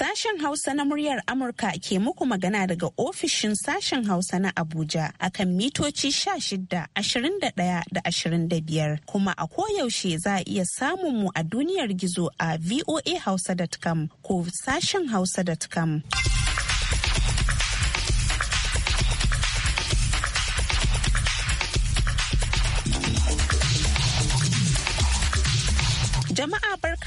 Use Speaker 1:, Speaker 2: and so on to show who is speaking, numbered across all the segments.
Speaker 1: Sashen Hausa na muryar Amurka ke muku magana daga ofishin sashen Hausa na Abuja a kan mitoci 16, da 25 kuma a koyaushe za a iya samun mu a duniyar gizo a voahausa.com ko sashen hausa.com.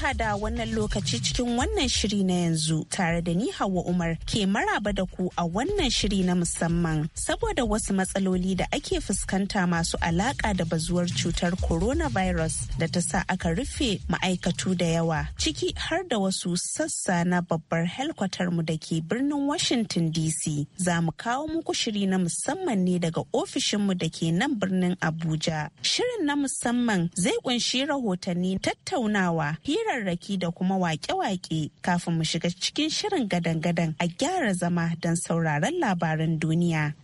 Speaker 1: barka da wannan lokaci cikin wannan shiri na yanzu tare da ni Hauwa Umar ke maraba da ku a wannan shiri na musamman saboda wasu matsaloli da ake fuskanta masu alaka da bazuwar cutar coronavirus da ta sa aka rufe ma'aikatu da yawa ciki har da wasu sassa na babbar helkwatar mu da ke birnin Washington DC. Za mu kawo muku shiri na musamman ne daga ofishinmu da ke nan birnin Abuja. Shirin na musamman zai kunshi rahotanni tattaunawa hira hirarraki da kuma wake-wake kafin mu shiga cikin shirin gadan-gadan a gyara zama don sauraron labaran duniya.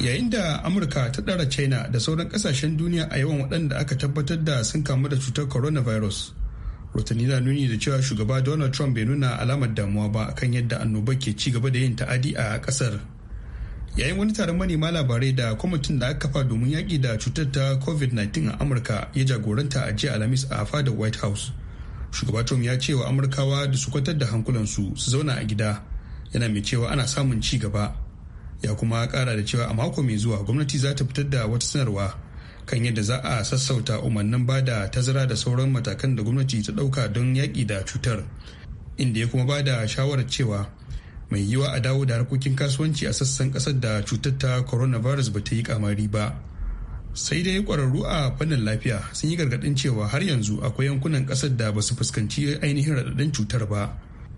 Speaker 2: yayin da amurka ta ɗara china da sauran ƙasashen duniya a yawan waɗanda aka tabbatar da sun kamu da cutar coronavirus rotani na nuni da cewa shugaba donald trump bai nuna alamar damuwa ba kan yadda annoba ke ci gaba da yin ta'adi a ƙasar yayin wani taron manema labarai da kwamitin da aka kafa domin yaƙi da cutar ta covid-19 a amurka ya jagoranta a jiya alhamis a fadar white house shugaba trump ya cewa amurkawa da su kwatar da hankulansu su zauna a gida yana mai cewa ana samun ci gaba ya kuma kara da cewa a mako mai zuwa gwamnati za ta fitar da wata sanarwa kan yadda za a sassauta umarnin ba da tazara da sauran matakan da gwamnati ta ɗauka don yaƙi da cutar inda ya kuma ba da shawarar cewa mai yiwa a dawo da harkokin kasuwanci a sassan kasar da cutar ta coronavirus ba ta yi kamari ba sai dai kwararru a fannin lafiya sun yi gargadin cewa har yanzu akwai yankunan kasar da basu fuskanci ainihin raɗaɗin cutar ba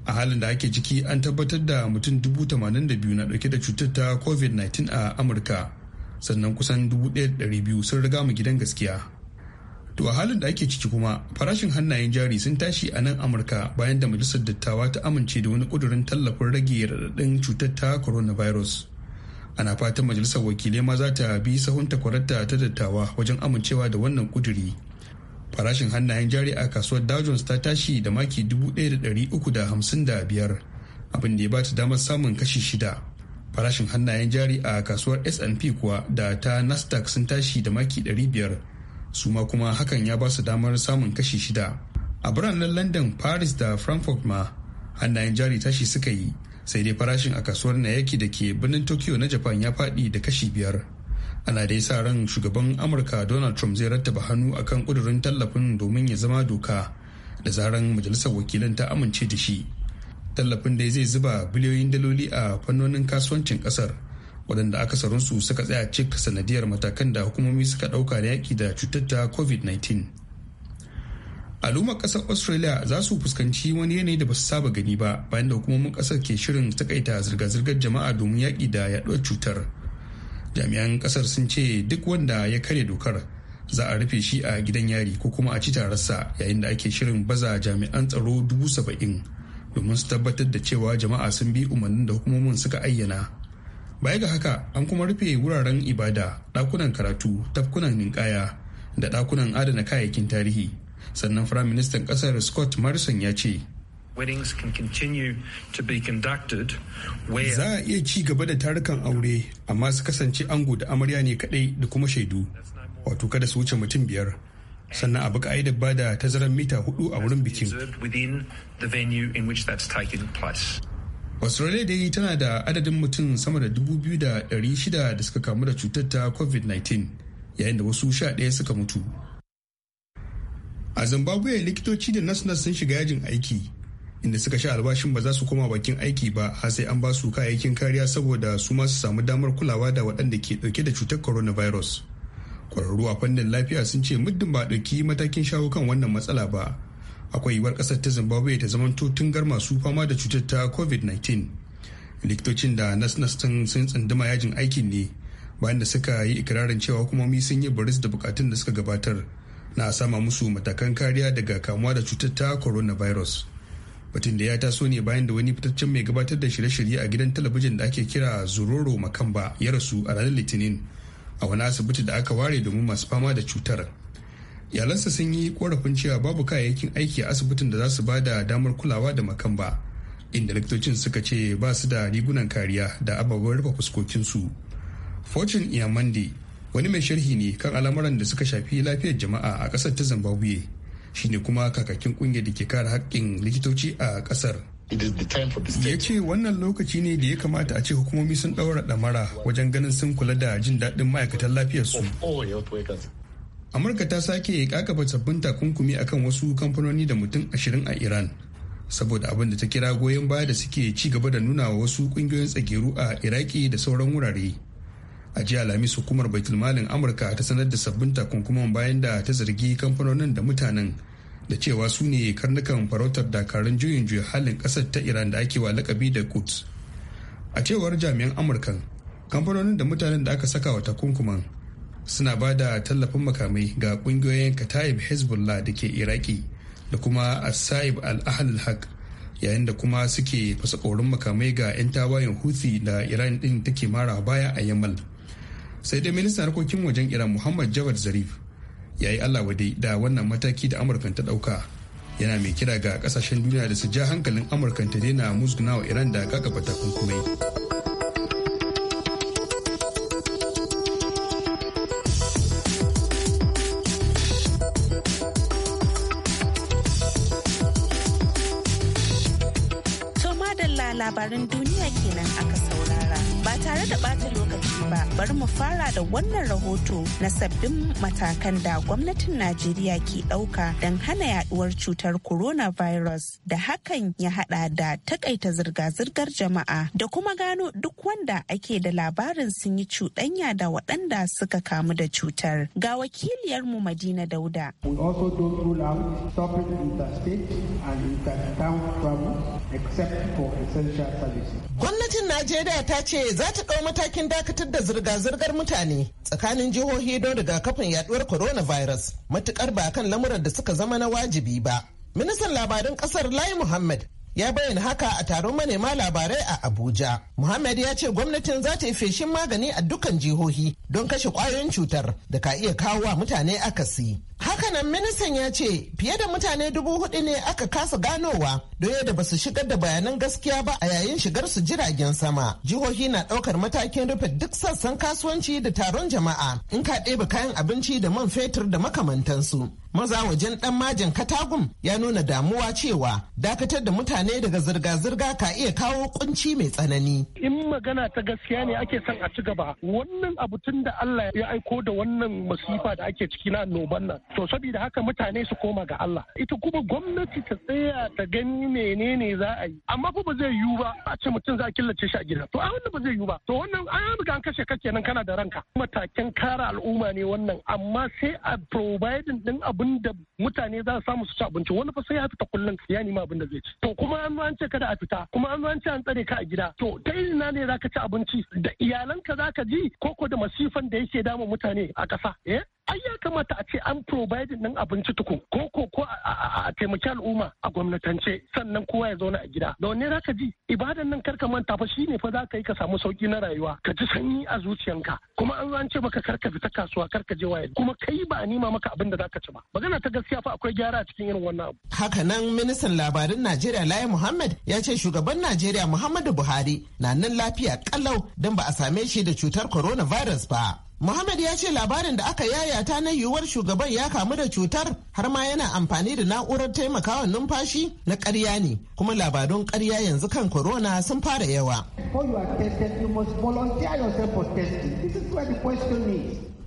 Speaker 2: a halin da ake ciki an tabbatar da mutum biyu na ɗauke da cutar ta covid-19 a amurka sannan kusan 1,200 sun riga mu gidan gaskiya To a halin da ake ciki kuma farashin hannayen jari sun tashi a nan Amurka bayan da majalisar dattawa ta amince da wani kudurin tallafin rage raɗaɗin cutar ta coronavirus. Ana fatan majalisar wakilai ma za ta bi sahun takwararta ta dattawa wajen amincewa da wannan kuduri. Farashin hannayen jari a kasuwar Dow ta tashi da maki 1,355 abin da ya bata damar samun kashi shida. Farashin hannayen jari a kasuwar S&P kuwa da ta Nasdaq sun tashi da maki ɗari biyar. su ma kuma hakan ya ba su damar samun kashi shida a biranen london paris da frankfurt ma hannayen jari tashi suka yi sai dai farashin a kasuwar na yaki da ke birnin tokyo na japan ya faɗi da kashi biyar ana dai sa ran shugaban amurka donald trump zai rattaba hannu akan kudurin tallafin domin ya zama doka da zaran majalisar wakilan ta amince da shi tallafin dai zai zuba biliyoyin daloli a fannonin kasuwancin kasar waɗanda akasarinsu suka tsaya cika sanadiyar matakan da hukumomi suka ɗauka da yaƙi da cutar ta covid-19 al'ummar kasar australia za su fuskanci wani yanayi da ba su saba gani ba bayan da hukumomin kasar ke shirin takaita zirga-zirgar jama'a domin yaƙi da yaɗuwar cutar jami'an ƙasar sun ce duk wanda ya karya dokar za a rufe shi a gidan yari ko kuma a ci tararsa yayin da ake shirin baza jami'an tsaro dubu saba'in domin su tabbatar da cewa jama'a sun bi umarnin da hukumomin suka ayyana baya ga haka an kuma rufe wuraren ibada dakunan karatu tafkunan ninkaya da dakunan adana kayayyakin tarihi sannan firaministan ƙasar scott morrison ya ce za a iya ci gaba da tarukan aure amma su kasance ango da amarya ne kadai da kuma shaidu wato kada su wuce mutum biyar sannan abu ka'idar bada da tazarar mita hudu a wurin bikin australia dai tana da adadin mutum sama da 2,600 da suka kamu da cutar ta covid-19 yayin da wasu sha ɗaya suka mutu a zimbabwe likitoci da nas sun shiga yajin aiki inda suka sha albashin ba za su koma bakin aiki ba har sai an ba su kayayyakin kariya saboda su ma su samu damar kulawa da waɗanda ke ɗauke da cutar coronavirus kwararru a fannin lafiya sun ce muddin ba ɗauki matakin shawo kan wannan matsala ba akwai yiwuwar kasar ta zimbabwe ta zama tungar masu fama da cutar ta covid-19 likitocin da nas sun tsinduma yajin aikin ne bayan da suka yi ikirarin cewa hukumomi sun yi baris da bukatun da suka gabatar na sama musu matakan kariya daga kamuwa da cutar ta coronavirus batun da ya taso ne bayan da wani fitaccen mai gabatar da shirye-shirye a gidan talabijin da ake kira zuroro makamba ya rasu a ranar litinin a wani asibiti da aka ware domin masu fama da cutar iyalansa sun yi korafin cewa babu kayayyakin aiki a asibitin da za su ba da damar kulawa da makan ba inda likitocin suka ce ba su da rigunan kariya da ababen rufe fuskokinsu fortune iamande wani mai sharhi ne kan al'amuran da suka shafi lafiyar jama'a a kasar ta zimbabwe shine kuma kakakin kungiyar da ke kare haƙƙin likitoci a kasar. ya ce wannan lokaci ne da ya kamata a ce hukumomi sun ɗaura ɗamara wajen ganin sun kula da jin daɗin ma'aikatan lafiyarsu amurka ta sake kakaba sabbin takunkumi akan wasu kamfanoni da mutum ashirin a iran saboda abin da ta kira goyon baya da suke ci gaba da nuna wa wasu kungiyoyin tsageru a iraki da sauran wurare a jiya alhamis hukumar baitulmalin amurka ta sanar da sabbin takunkuman bayan da ta zargi kamfanonin da mutanen da cewa su ne karnukan farautar dakarun juyin juya halin kasar ta iran da ake wa lakabi da quds a cewar jami'an amurkan kamfanonin da mutanen da aka saka wa takunkuman suna ba da tallafin makamai ga kungiyoyin kataib hezbollah da ke iraki da kuma asaib al haq yayin da kuma suke fasa korin makamai ga 'yan tawayen houthi da iran din take mara baya a yamal sai dai ministan harkokin wajen iran muhammad jawad zarif ya yi allah wadai da wannan mataki da amurka ta dauka yana mai kira ga kasashen duniya da su ja hankalin amurka ta daina musguna wa iran da kakaba takunkumai.
Speaker 1: labaran duniya kenan aka saurara. Ba tare da ɓata lokaci ba, bari mu fara da wannan rahoto na sabbin matakan da gwamnatin Najeriya ke ɗauka don hana yaduwar cutar coronavirus da hakan ya haɗa da takaita zirga-zirgar jama'a da kuma gano duk wanda ake da labarin sun yi cuɗanya da waɗanda suka kamu da cutar. Ga wakiliyarmu Madina Dauda. We also don't rule out stopping interstate and town travel Gwamnatin
Speaker 3: Najeriya ta ce za ta ɗau matakin dakatar da zirga-zirgar mutane tsakanin jihohi don rigakafin yaduwar coronavirus matukar ba kan lamuran da suka zama na wajibi ba. Ministan labarin ƙasar Lai Muhammad ya bayyana haka a taron manema labarai a Abuja. Muhammad ya ce gwamnatin za ta yi feshin magani a dukkan jihohi don kashe kwayoyin cutar da ka iya kawo wa mutane akasi. Hakanan ministan ya ce fiye da mutane dubu hudu ne aka kasa ganowa doye da basu shigar da bayanan gaskiya ba a yayin shigar su jiragen sama. Jihohi na ɗaukar matakin rufe duk sassan kasuwanci da taron jama'a in ka ɗebe kayan abinci da man fetur da makamantansu. Maza wajen ɗan majin katagum ya nuna damuwa cewa dakatar da mutane daga zirga-zirga ka iya kawo kunci mai tsanani.
Speaker 4: In magana ta gaskiya ne ake son a ci gaba. Wannan abu tun da Allah ya aiko da wannan masifa da ake ciki na annoban nan. To saboda haka mutane su koma ga Allah ita kuma gwamnati ta tsaya ta gani menene za a yi amma fa ba zai yiwu ba a ce mutum za a killace shi a gida to a wannan ba zai yiwu ba to wannan an riga an kashe ka kenan kana da ranka matakin kara al'umma ne wannan amma sai a providing din abin da mutane za su samu su ci abinci wani fa sai ya fita kullum ya nima abin da zai ci to kuma an an ce kada a fita kuma an an an tsare ka a gida to ta ina ne za ka ci abinci da iyalanka za ka ji koko da masifan da yake damun mutane a ƙasa eh ai ya kamata a ce an provide din abinci tukun ko ko ko a taimaki al'umma a gwamnatance sannan kowa ya zauna a gida da wanne zaka ji ibadan nan karka manta fa shine fa zaka yi ka samu sauki na rayuwa ka ji sanyi a zuciyanka kuma an zance maka karka fita kasuwa karka je waye kuma kai ba a nima maka abin da zaka ci ba magana ta gaskiya fa akwai gyara a cikin irin wannan abu
Speaker 3: haka nan ministan labarin Najeriya Lai Muhammad ya ce shugaban Najeriya Muhammadu Buhari na nan lafiya kalau dan ba a same shi da cutar coronavirus ba Muhammad ya ce labarin da aka yayata na yiwuwar shugaban ya kamu da cutar har ma yana amfani da na'urar taimakawa numfashi na ƙarya ne kuma labarun ƙarya yanzu kan corona sun fara yawa.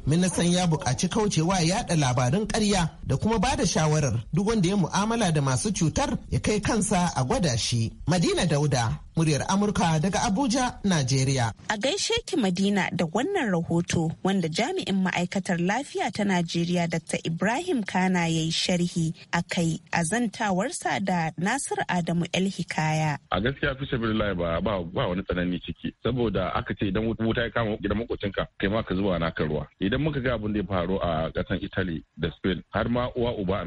Speaker 3: ministan ya buƙaci kaucewa yaɗa labarin ƙarya da kuma ba da shawarar duk wanda ya mu'amala da masu cutar ya kai kansa a gwada shi madina dauda muryar Amurka daga Abuja, Najeriya.
Speaker 1: A gaishe ki Madina da wannan rahoto wanda jami'in ma'aikatar lafiya ta Najeriya Dr. Ibrahim Kana ya yi sharhi a kai a zantawarsa da Nasir Adamu El Hikaya.
Speaker 5: A gaskiya fi shabirilai ba ba wani tsanani ciki saboda aka ce idan wuta ya kama gidan makocinka kai ma ka zuwa naka ruwa. Idan muka ga abin da ya faru a kasan Italy da Spain har ma uwa uba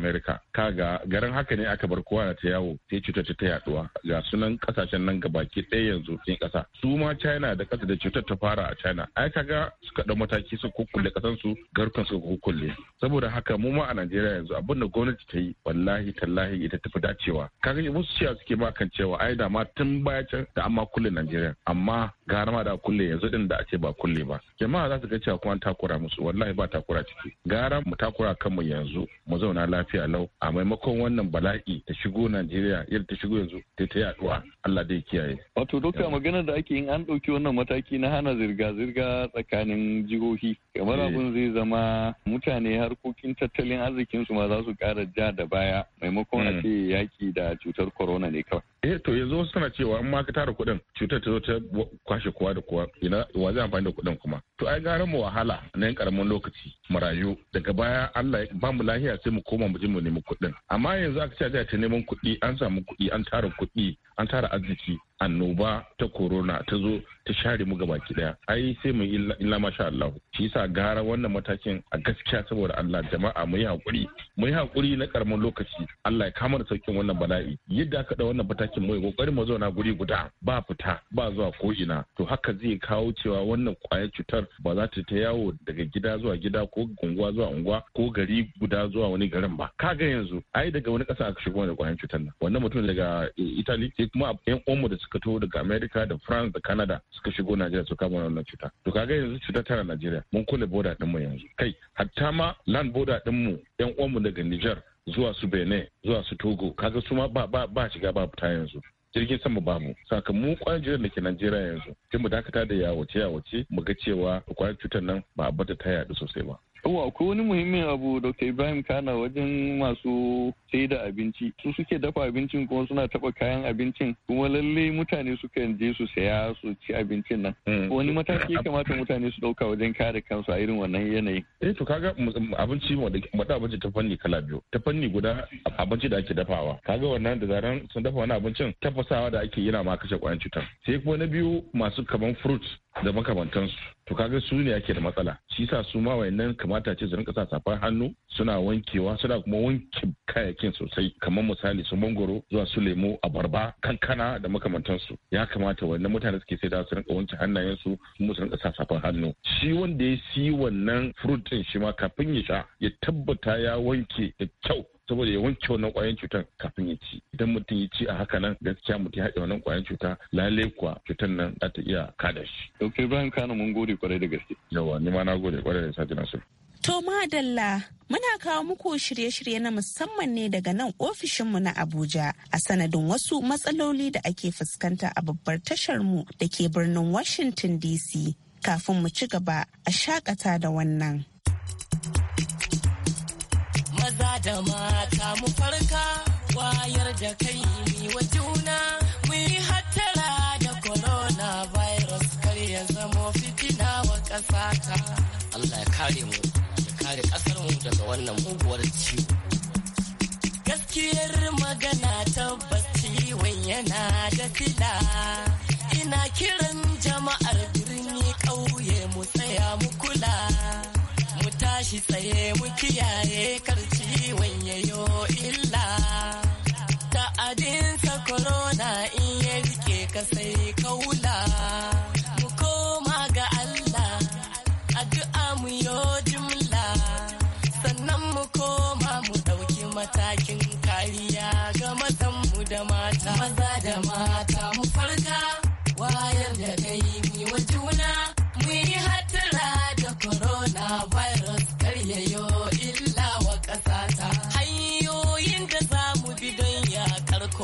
Speaker 5: Ka ga garin haka ne aka bar kowa ta yawo sai cutar ta yaduwa ga sunan kasashen nan gaba baki ɗaya yanzu cikin ƙasa su ma china da ƙasa da cutar ta fara a china ai ga suka ɗau mataki su kukkulle ƙasan su garkan su kukkulle saboda haka mu ma a najeriya yanzu abin da gwamnati ta yi wallahi tallahi ita ta tafi dacewa kaga musu cewa suke ma kan cewa ai da ma tun baya can da amma kulle najeriya amma gara ma da kulle yanzu din da a ce ba kulle ba jama'a za su ga cewa kuma takura musu wallahi ba takura ciki gara mu takura kanmu yanzu mu zauna lafiya lau a maimakon wannan bala'i ta shigo najeriya yadda ta shigo yanzu ta yi yaduwa allah dai kiyaye Wato duka maganar da ake yin an ɗauki wannan mataki na hana zirga-zirga tsakanin jihohi. Kamar eh. abin zai zama mutane harkokin tattalin arzikinsu ma za su ƙara ja da baya maimakon a hmm. ce yaki da cutar corona ne kawai. Eh to yanzu wasu suna cewa an ma ka tara kuɗin cutar ta zo ta kwashe kowa da kowa ina wa zai amfani da kuɗin kuma. To ai gara mu wahala na yan karamin lokaci mu rayu daga baya Allah ya ba mu lahiya sai mu koma mu je mu nemi kuɗin. Amma yanzu aka ce ta neman kuɗi an samu kuɗi an tara kuɗi an tara arziki annoba ta corona ta zo ta share mu gaba ki daya ai sai mu illa masha Allah shi yasa gara wannan matakin a gaskiya saboda Allah jama'a mu yi hakuri mu yi hakuri na karamin lokaci Allah ya kama da saukin wannan bala'i yadda aka da wannan matakin mu yi kokarin mu zauna guri guda ba fita ba zuwa ko ina to haka zai kawo cewa wannan kwayar cutar ba za ta ta yawo daga gida zuwa gida ko unguwa zuwa unguwa ko gari guda zuwa wani garin ba kaga yanzu ai daga wani ƙasa aka shigo da kwayar cutar nan wannan mutum daga Italy sai kuma yan uwanmu da suka taho daga America da France da Canada suka shigo Najeriya su kama wannan cuta to kaga yanzu cuta tana Najeriya mun kule boda din mu yanzu kai hatta ma land boda din mu yan uwan mu daga Niger zuwa su Benin zuwa su Togo kaga su ma ba ba ba shiga ba fita yanzu jirgin sama ba mu saka mu da ke Najeriya yanzu sai mu dakata da yawace yawace mu ga cewa kwayar cutar nan ba a bata ta yadu sosai ba Yawwa ko wani muhimmin abu Dr. Ibrahim Kana wajen masu sai da abinci. Su suke dafa abincin kuma suna taba kayan abincin kuma lalle mutane sukan je su saya su ci abincin nan. Hmm. Wani mataki ya kamata mutane su dauka wajen kare kansu a irin wannan yanayi. Eh to kaga abinci wadda abinci ta fanni kala biyu. Ta fanni guda abinci da ake dafawa. Kaga wannan da zaran sun dafa wani abincin tafasawa da ake yana ma kashe kwayan cutar. Sai kuma na biyu masu kaman fruits da makamantansu to kaga su ne ake da matsala shi sa su ma wayannan kamata ce su rinka sa safar hannu suna wankewa suna kuma wanke kayayyakin sosai kamar misali su mangoro zuwa su lemo abarba kankana da makamantansu ya kamata wannan mutane suke sai da su rinka wanke hannayensu kuma su rinka sa safar hannu shi wanda ya si wannan fruit din shi ma kafin ya sha ya tabbata ya wanke da kyau saboda ya wanke wannan kwayan cutar kafin ya ci idan mutum ya ci a haka nan gaskiya mutum ya haɗe wannan kwayan cuta lalle kuwa cutar nan za ta iya kada shi. Dr. Ibrahim Kano mun gode kwarai da gaske. Yawa ni ma na gode kwarai da sati Nasiru.
Speaker 1: To madalla muna kawo muku shirye-shirye na musamman ne daga nan ofishinmu na Abuja a sanadin wasu matsaloli da ake fuskanta a babbar tashar mu da ke birnin Washington DC kafin mu ci gaba a shakata da wannan.
Speaker 6: maza da mata mu farka wayar da kai mi wa juna mu yi hattara da corona virus kar ya zamo fitina wa ta Allah ya kare mu ya kare ƙasar mu daga wannan muguwar ciwo. Gaskiyar magana tabbas ciwon yana da fila ina kiran jama'ar birni ƙauye mu tsaya mu kula mu tashi tsaye mu kiyaye karci yo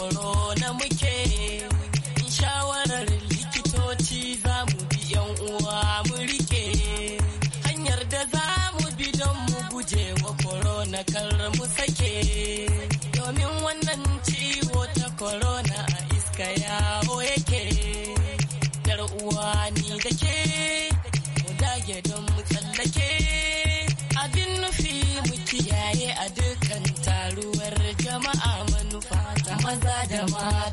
Speaker 6: Vámonos. da mata.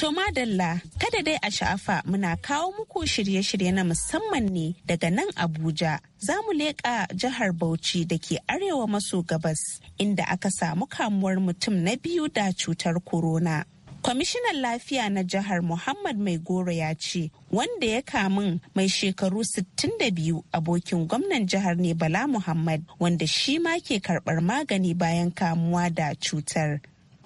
Speaker 1: To madalla kada dai a sha'afa muna kawo muku shirye-shirye na musamman ne daga nan Abuja. Za mu leƙa jihar Bauchi da ke arewa maso gabas inda aka samu kamuwar mutum na biyu da cutar corona. Kwamishinan lafiya na jihar Muhammad Mai Goro ya ce wanda ya kamun mai shekaru 62 abokin gwamnan jihar ne Bala Muhammad wanda shi ma ke karɓar magani bayan kamuwa da cutar.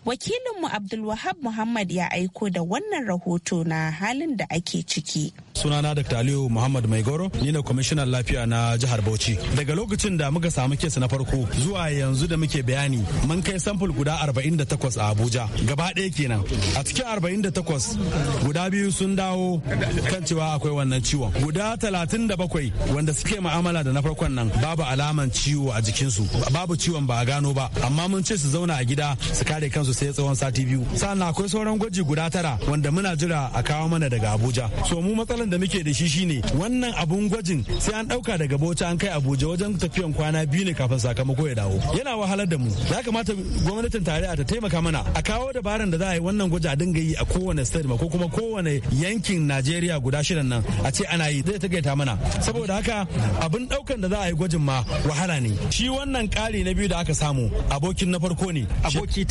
Speaker 1: Wakilinmu Abdulwahab Muhammad ya aiko da wannan rahoto na halin da ake ciki.
Speaker 7: Sunana Dr. Aliyu Muhammad Maigoro, ni ne kwamishinan lafiya na jihar Bauchi. Daga lokacin da muka samu kesa na farko zuwa yanzu da muke bayani mun kai sampul guda 48 a Abuja. Gaba ɗaya kenan. A cikin 48 guda biyu sun dawo kan cewa akwai wannan ciwon. Guda 37 wanda suke ma'amala da na farkon nan babu alaman ciwo a jikinsu. Babu ciwon ba a gano ba. Amma mun ce su zauna a gida su kare kansu sai tsawon sati biyu sannan akwai sauran gwaji guda tara wanda muna jira a kawo mana daga abuja so mu matsalan da muke da shi shine wannan abun gwajin sai an dauka daga bauchi an kai abuja wajen tafiyan kwana biyu ne kafin sakamako ya dawo yana wahalar da mu ya kamata gwamnatin tarayya ta taimaka mana a kawo dabaran da za a yi wannan gwaji a dinga yi a kowane state ko kuma kowane yankin najeriya guda shirin nan a ce ana yi zai tagaita mana saboda haka abin daukan da za a yi gwajin ma wahala ne shi wannan kari na biyu da aka samu abokin na farko ne aboki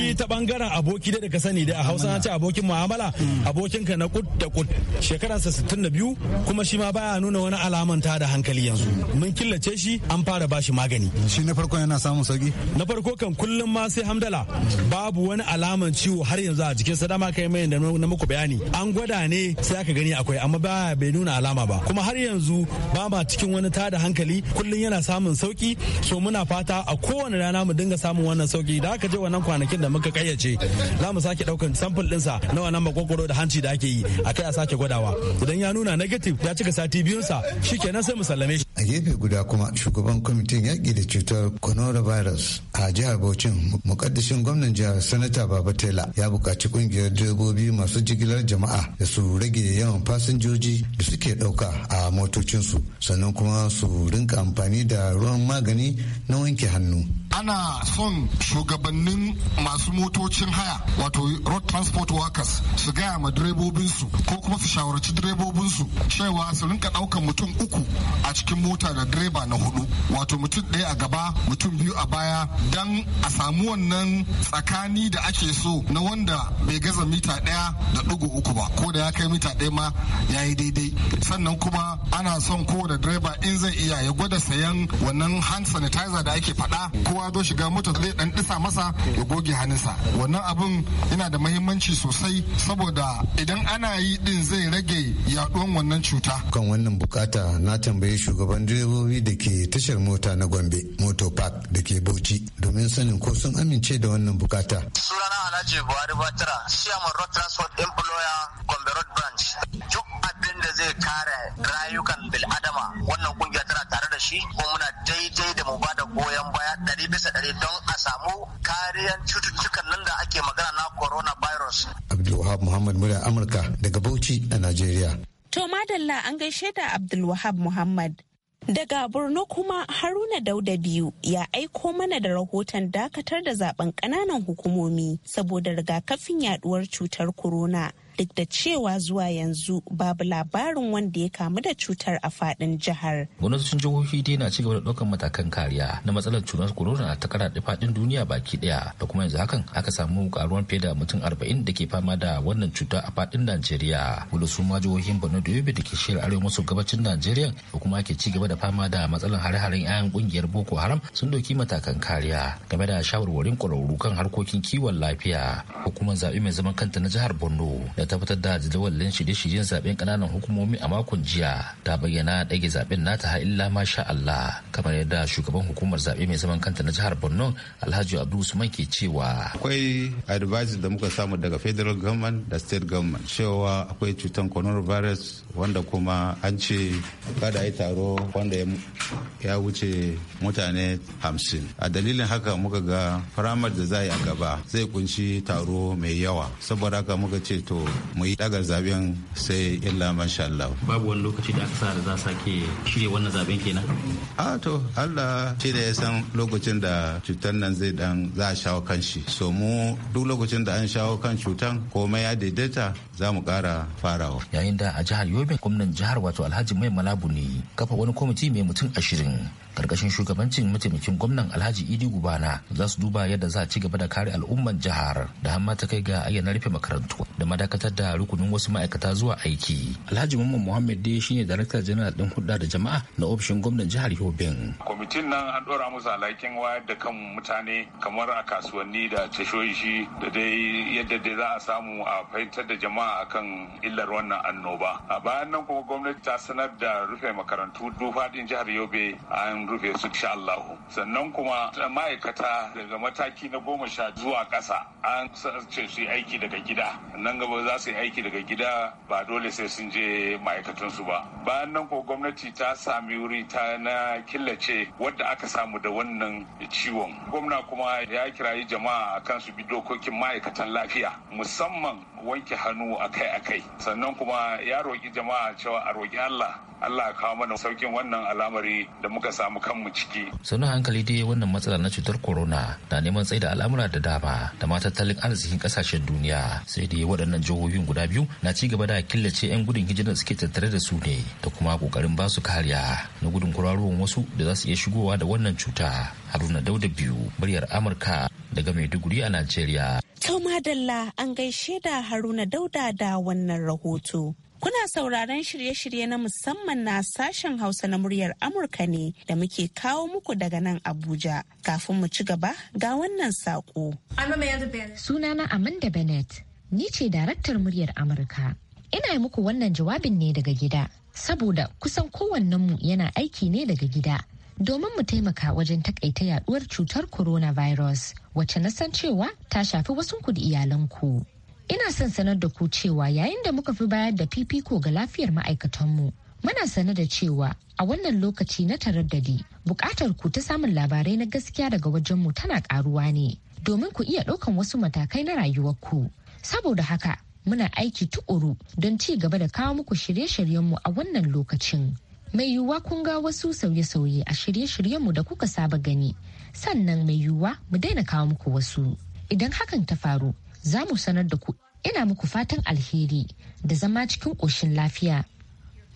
Speaker 7: ni ta bangaren aboki da ka sani da a hausa na ce abokin mu'amala abokin ka na kud da kud shekararsa 62 kuma shi ma baya nuna wani alaman ta da hankali yanzu mun killace shi an fara bashi magani shi na farko yana samun sauki na farko kan kullum ma sai hamdala babu wani alaman ciwo har yanzu a jikinsa dama kai mai da na muku bayani an gwada ne sai aka gani akwai amma baya bai nuna alama ba kuma har yanzu ba ma cikin wani tada hankali kullum yana samun sauki so muna fata a kowane rana mu dinga samun wannan sauki da aka je wannan kwanakin da muka kayyace za mu sake daukan sample dinsa na wannan makwakwaro da hanci da ake yi a kai a sake gwadawa idan ya nuna negative ya cika sati biyunsa shikenan sai mu sallame shi
Speaker 3: a gefe guda kuma shugaban kwamitin yaƙi da cutar coronavirus a jihar Bauchin mukaddashin gwamnan jihar sanata Baba Tela ya buƙaci kungiyar direbobi masu jigilar jama'a da su rage yawan fasinjoji da suke ɗauka a motocinsu sannan kuma su rinka amfani da ruwan magani na wanke hannu
Speaker 8: ana son shugabannin masu motocin haya wato road transport workers su gaya ma direbobinsu ko kuma su shawarci direbobinsu cewa su rinka ɗaukan mutum uku a cikin mota da direba na hudu wato mutum ɗaya a gaba mutum biyu a baya don a samu wannan tsakani da ake so na wanda bai gaza mita ɗaya da ɗigo uku ba ko da ya kai mita ɗaya ma ya yi daidai sannan kuma ana son da direba in zai iya ya gwada sayan wannan hand sanitizer da ake faɗa ko ruwa zo shiga mota zai dan disa masa ya goge hannunsa wannan abun yana da mahimmanci sosai saboda idan ana yi din zai rage yaduwan wannan
Speaker 3: cuta kan wannan bukata na tambayi shugaban direbobi da ke tashar mota na gombe moto park da ke bauchi domin sanin ko sun amince da wannan bukata
Speaker 6: sunana alhaji
Speaker 8: buhari batira siya road transport employer gombe road branch duk abin da zai kare rayukan bil'adama wannan kungiyar shi kuma muna daidai da mu ba da goyon baya ɗari bisa ɗari don a samu kariyan cututtukan nan da ake magana na
Speaker 3: coronavirus. Abdulwahab Muhammad Mura Amurka daga Bauchi a Najeriya.
Speaker 1: To madalla an gaishe da Abdulwahab Muhammad. Daga Borno kuma Haruna Dauda biyu ya aiko mana da rahoton dakatar da zaben ƙananan hukumomi saboda rigakafin yaduwar cutar corona. duk da cewa zuwa yanzu babu labarin wanda ya kamu da cutar a fadin jihar.
Speaker 8: Gwamnatocin jihohi dai na cigaba da ɗaukar matakan kariya na matsalar cutar corona ta karaɗe fadin duniya baki ɗaya da kuma yanzu hakan aka samu karuwar fiye da mutum arba'in da ke fama da wannan cuta a fadin Najeriya. Wani su ma jihohin Borno da Yobe da ke shirin arewa maso gabacin Najeriya da kuma ke cigaba da fama da matsalar hare-haren 'ya'yan kungiyar Boko Haram sun ɗauki matakan kariya game da shawarwarin ƙwararru kan harkokin kiwon lafiya. Hukumar zaɓe mai zaman kanta na jihar Borno da ta da jadawalin shirye-shiryen zaben kananan hukumomi a makon jiya ta bayyana ɗage zaben nata har illa ma Allah kamar yadda shugaban hukumar zabe mai zaman kanta na jihar Borno Alhaji Abdul Usman ke cewa akwai advice da muka samu daga federal government da state government cewa akwai cutar coronavirus wanda kuma an ce kada yi taro wanda ya wuce mutane hamsin a dalilin haka muka ga firamar da za a a gaba zai kunshi taro mai yawa saboda haka muka ce to mu yi daga zaben sai illa masha Allah. Babu wani lokaci da aka sa da za sake shirya wannan zaben kenan. A to Allah shi da ya san lokacin da cutar nan zai dan za a shawo kan shi. So mu duk lokacin da an shawo kan cutan komai ya daidaita za mu kara farawa. Yayin da a jihar Yobe gwamnan jihar wato Alhaji Mai Malabu ne kafa wani kwamiti mai mutum ashirin karkashin shugabancin mataimakin gwamnan alhaji idi gubana za su duba yadda za a ci gaba da kare al'umman jihar da hamma ta kai ga ayyana rufe makarantu da madakatar da rukunin wasu ma'aikata zuwa aiki alhaji mamman muhammad dai shine darakta janar din hudda da jama'a na ofishin gwamnan jihar yobin
Speaker 5: kwamitin nan an dora musu alhakin wayar da kan mutane kamar a kasuwanni da tashoshi da dai yadda dai za a samu a fahimtar da jama'a akan illar wannan annoba a bayan nan kuma gwamnati ta sanar da rufe makarantu duk faɗin jihar yobe an sun rufe su sha Allahu. Sannan kuma ma'aikata daga mataki na goma sha zuwa ƙasa an ce su yi aiki daga gida. Nan gaba za su yi aiki daga gida ba dole sai sun je ma'aikatansu ba. Bayan nan ko gwamnati ta sami wuri ta na killace wadda aka samu da wannan ciwon. Gwamna kuma ya kirayi jama'a a kan su bi dokokin ma'aikatan lafiya musamman wanke hannu akai-akai. Sannan kuma ya roƙi jama'a cewa a roƙi Allah Allah ya kawo mana saukin wannan al'amari da muka samu kanmu ciki.
Speaker 8: Sannu hankali dai wannan matsala na cutar corona na neman tsaida al'amura da dama da ma tattalin arzikin kasashen duniya sai dai waɗannan jihohin guda biyu na ci gaba da killace 'yan gudun hijirar suke tattare da su ne da kuma kokarin ba su kariya na gudun kuraruwan wasu da za su iya shigowa da wannan cuta. Haruna Dauda biyu muryar Amurka daga Maiduguri a Najeriya.
Speaker 1: Tau Madalla an gaishe da Haruna Dauda da wannan rahoto. Kuna sauraron shirye-shirye na musamman na sashen Hausa na muryar Amurka ne da muke kawo muku daga nan Abuja. Kafin mu ci gaba ga wannan saƙo. Sunana Amanda
Speaker 6: Bennett, ni ce daraktar muryar Amurka. Ina muku wannan jawabin ne daga gida, saboda kusan kowannenmu yana aiki ne daga gida. Domin mu taimaka wajen takaita yaduwar cutar coronavirus, wacce na san cewa ta shafi wasu da iyalanku. ina son sanar da ku cewa yayin da muka fi bayar da fifiko ga lafiyar ma'aikatanmu muna sanar da cewa a wannan lokaci na taraddadi buƙatar ku ta samun labarai na gaskiya daga wajenmu tana ƙaruwa ne domin ku iya ɗaukan wasu matakai na rayuwarku saboda haka muna aiki tuƙuru don ci gaba da kawo muku shirye-shiryenmu a wannan lokacin mai yiwuwa kun ga wasu sauye-sauye a shirye-shiryenmu da kuka saba gani sannan mai yiwuwa mu daina kawo muku wasu idan hakan ta faru za mu sanar da ku ina muku fatan alheri da zama cikin ƙoshin lafiya.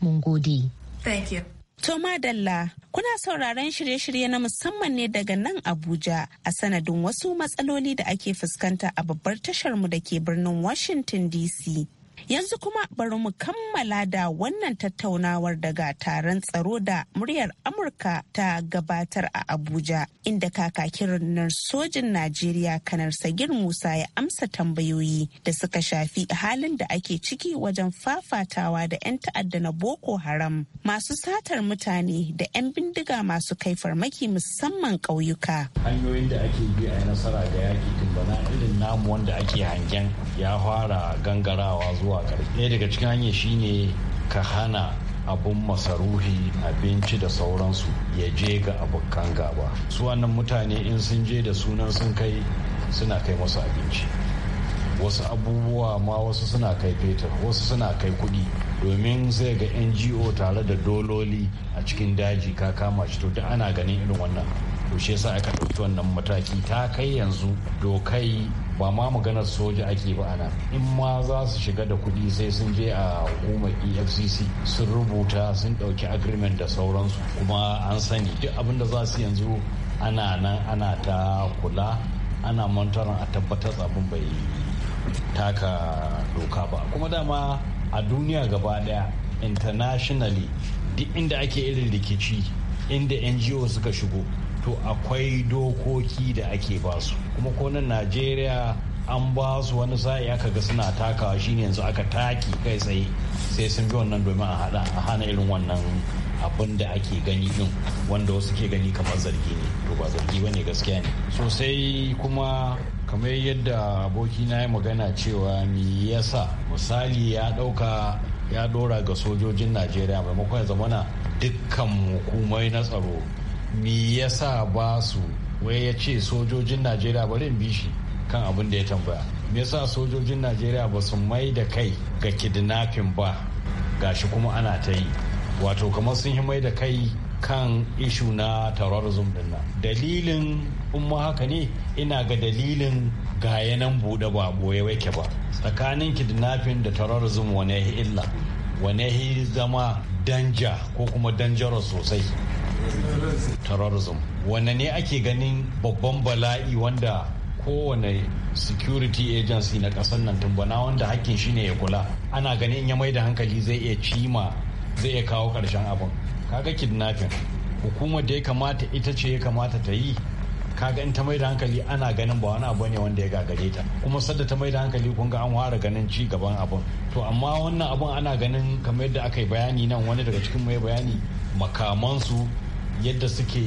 Speaker 6: Mun gode.
Speaker 1: Thank you. To Madalla, kuna sauraron shirye-shirye na musamman ne daga nan Abuja a sanadin wasu matsaloli da ake fuskanta a babbar tashar mu da ke birnin Washington DC. Yanzu kuma bari mu kammala da wannan tattaunawar daga taron tsaro da muryar Amurka ta gabatar a Abuja inda kakakin rundunar sojin Najeriya kanar Sagir Musa ya amsa tambayoyi da suka shafi halin da ake ciki wajen fafatawa da 'yan ta'adda na Boko Haram masu satar mutane da 'yan bindiga masu kai farmaki musamman ƙauyuka.
Speaker 9: Hanyoyin da ake bi a nasara da yaƙi bana irin namu wanda ake hangen ya fara gangarawa zuwa waƙar ɗaya daga cikin hanyar shine ka hana abun masarufi abinci da sauransu ya je ga abokan gaba su wannan mutane in sun je da sunan sun kai suna kai masu abinci wasu abubuwa ma wasu suna kai fetur wasu suna kai kudi domin zai ga ngo tare da dololi a cikin daji ka kama shi to duk ana ganin irin wannan to shi yasa aka ɗauki wannan mataki ta kai yanzu dokai ba ma maganar soja ake ba ana in ma za su shiga da kuɗi sai sun je a hukumar efcc sun rubuta sun ɗauki agreement da sauransu kuma an sani duk abin da za su yanzu ana nan ana ta kula ana mantaran a tabbatar tsabin bai taka doka ba kuma dama a duniya gaba daya internationally duk inda ake irin rikici inda ngo suka shigo to akwai dokoki da ake ba su kuma ko najeriya an ba su wani sa'i aka ga suna takawa shine yanzu aka taki kai tsaye sai sun bi wannan domin a hada a hana irin wannan abin da ake gani din wanda wasu ke gani kamar zargi ne to ba zargi bane gaskiya ne sosai kuma kamar yadda abokina ya magana cewa me yasa misali ya dauka ya dora ga sojojin najeriya maimakon ya zamana dukkan hukumai na tsaro me yasa ba su wai ya ce sojojin najeriya bari in bi shi kan abin da ya tambaya me yasa sojojin najeriya ba su mai da kai ga kidnapping ba gashi kuma ana ta yi wato kamar sun yi mai da kai kan ishu na terrorism din nan dalilin in haka ne ina ga dalilin ga yanan bude ba boye wake ba tsakanin kidnapping da terrorism wane illa wane zama danja ko kuma danjaro sosai terrorism wanne ne ake ganin babban bala'i wanda kowane security agency na kasar nan tumbana wanda hakkin shine ya kula ana ganin in ya mai da hankali zai iya cima zai iya kawo karshen abin kaga kidnapping hukumar da ya kamata ita ce ya kamata ta yi kaga in ta mai da hankali ana ganin ba wani abu ne wanda ya gagare ta kuma sadda ta mai da hankali kun ga an ware ganin ci gaban abin to amma wannan abin ana ganin kamar yadda aka yi bayani nan wani daga cikin mai bayani makamansu yadda suke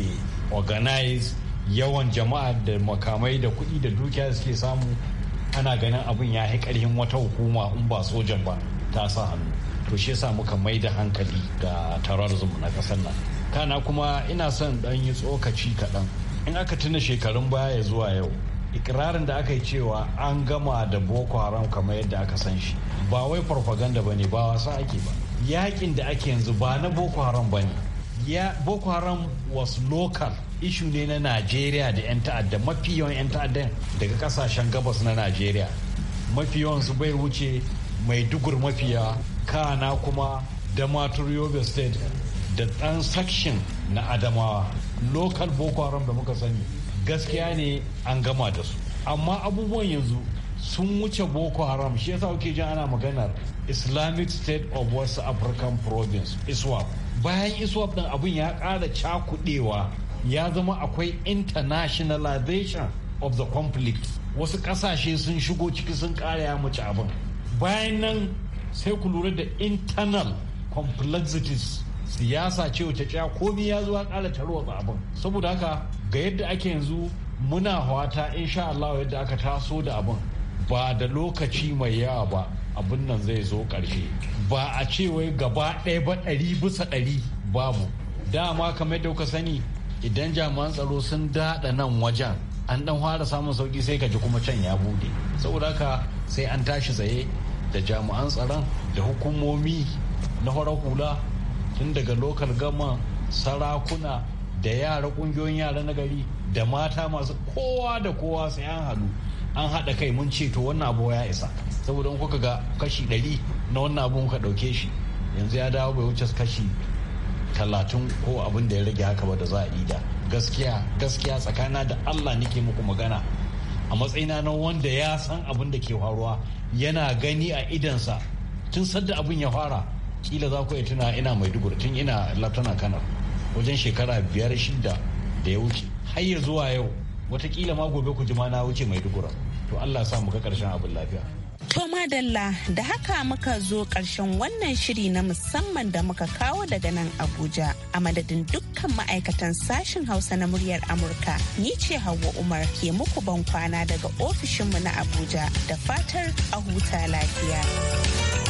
Speaker 9: organize yawan jama'a da makamai da kuɗi da dukiya suke samu ana ganin abin ya yi ƙarfin wata hukuma in ba sojan ba ta sa hannu to shi yasa muka mai da hankali ga terrorism na ƙasar nan kana kuma ina son ɗan yi tsokaci kaɗan in aka tuna shekarun baya zuwa yau ikirarin da aka yi cewa an gama da boko haram kamar yadda aka san shi ba wai farfaganda ba ne ba wasa ake ba yakin da ake yanzu ba na boko haram ba ne ya boko haram was local ishu ne na najeriya da 'yan ta'adda mafi yawan 'yan ta'adda daga kasashen gabas na najeriya mafi yawan su bai wuce mai dugur mafiya kana kuma da yobe state da dan section na adamawa local boko haram da muka sani gaskiya ne an gama da su amma abubuwan yanzu sun wuce boko haram shi yasa kuke jin ana maganar islamic state of west african province iswap bayan iswap din abin ya kara cakudewa ya zama akwai internationalization of the conflict wasu kasashe sun shigo ciki sun ƙara ya mace abin bayan nan sai ku lura da internal complexities siyasa ce wace ta komi ya zuwa ƙara tarwatsa abin saboda haka ga yadda ake yanzu muna hawata insha Allah yadda aka taso da abin ba da lokaci mai yawa ba abin nan zai zo ƙarshe ba a ce wai gaba ɗaya ba ɗari bisa ɗari babu dama kamar da kuka sani idan jami'an tsaro sun daɗa nan wajen an ɗan fara samun sauƙi sai ka ji kuma can ya bude saboda haka sai an tashi tsaye da jami'an tsaron da hukumomi na fara hula tun daga lokal gama sarakuna da yara ƙungiyoyin yara na gari da mata masu kowa da kowa sai an haɗu an haɗa kai mun ce to wannan abu ya isa saboda kuka ga kashi 100 na wannan abun kuka dauke shi yanzu ya dawo bai wuce kashi talatin ko abin da ya rage haka ba da za a yi da gaskiya gaskiya tsakana da Allah nake muku magana a matsayina na wanda ya san abin da ke faruwa yana gani a idansa tun sadda abin ya fara kila za ku iya tuna ina mai maiduguri tun ina latana kanar wajen shekara biyar shida da ya wuce har ya zuwa yau watakila ma gobe ku ji na wuce mai dubura to allah sa mu ga karshen abin lafiya
Speaker 1: To madalla da haka muka zo ƙarshen wannan shiri na musamman da muka kawo daga nan Abuja a madadin dukkan ma'aikatan sashen Hausa na muryar Amurka. Ni ce Hauwa Umar ke muku ban kwana daga ofishinmu na Abuja da fatar a huta lafiya.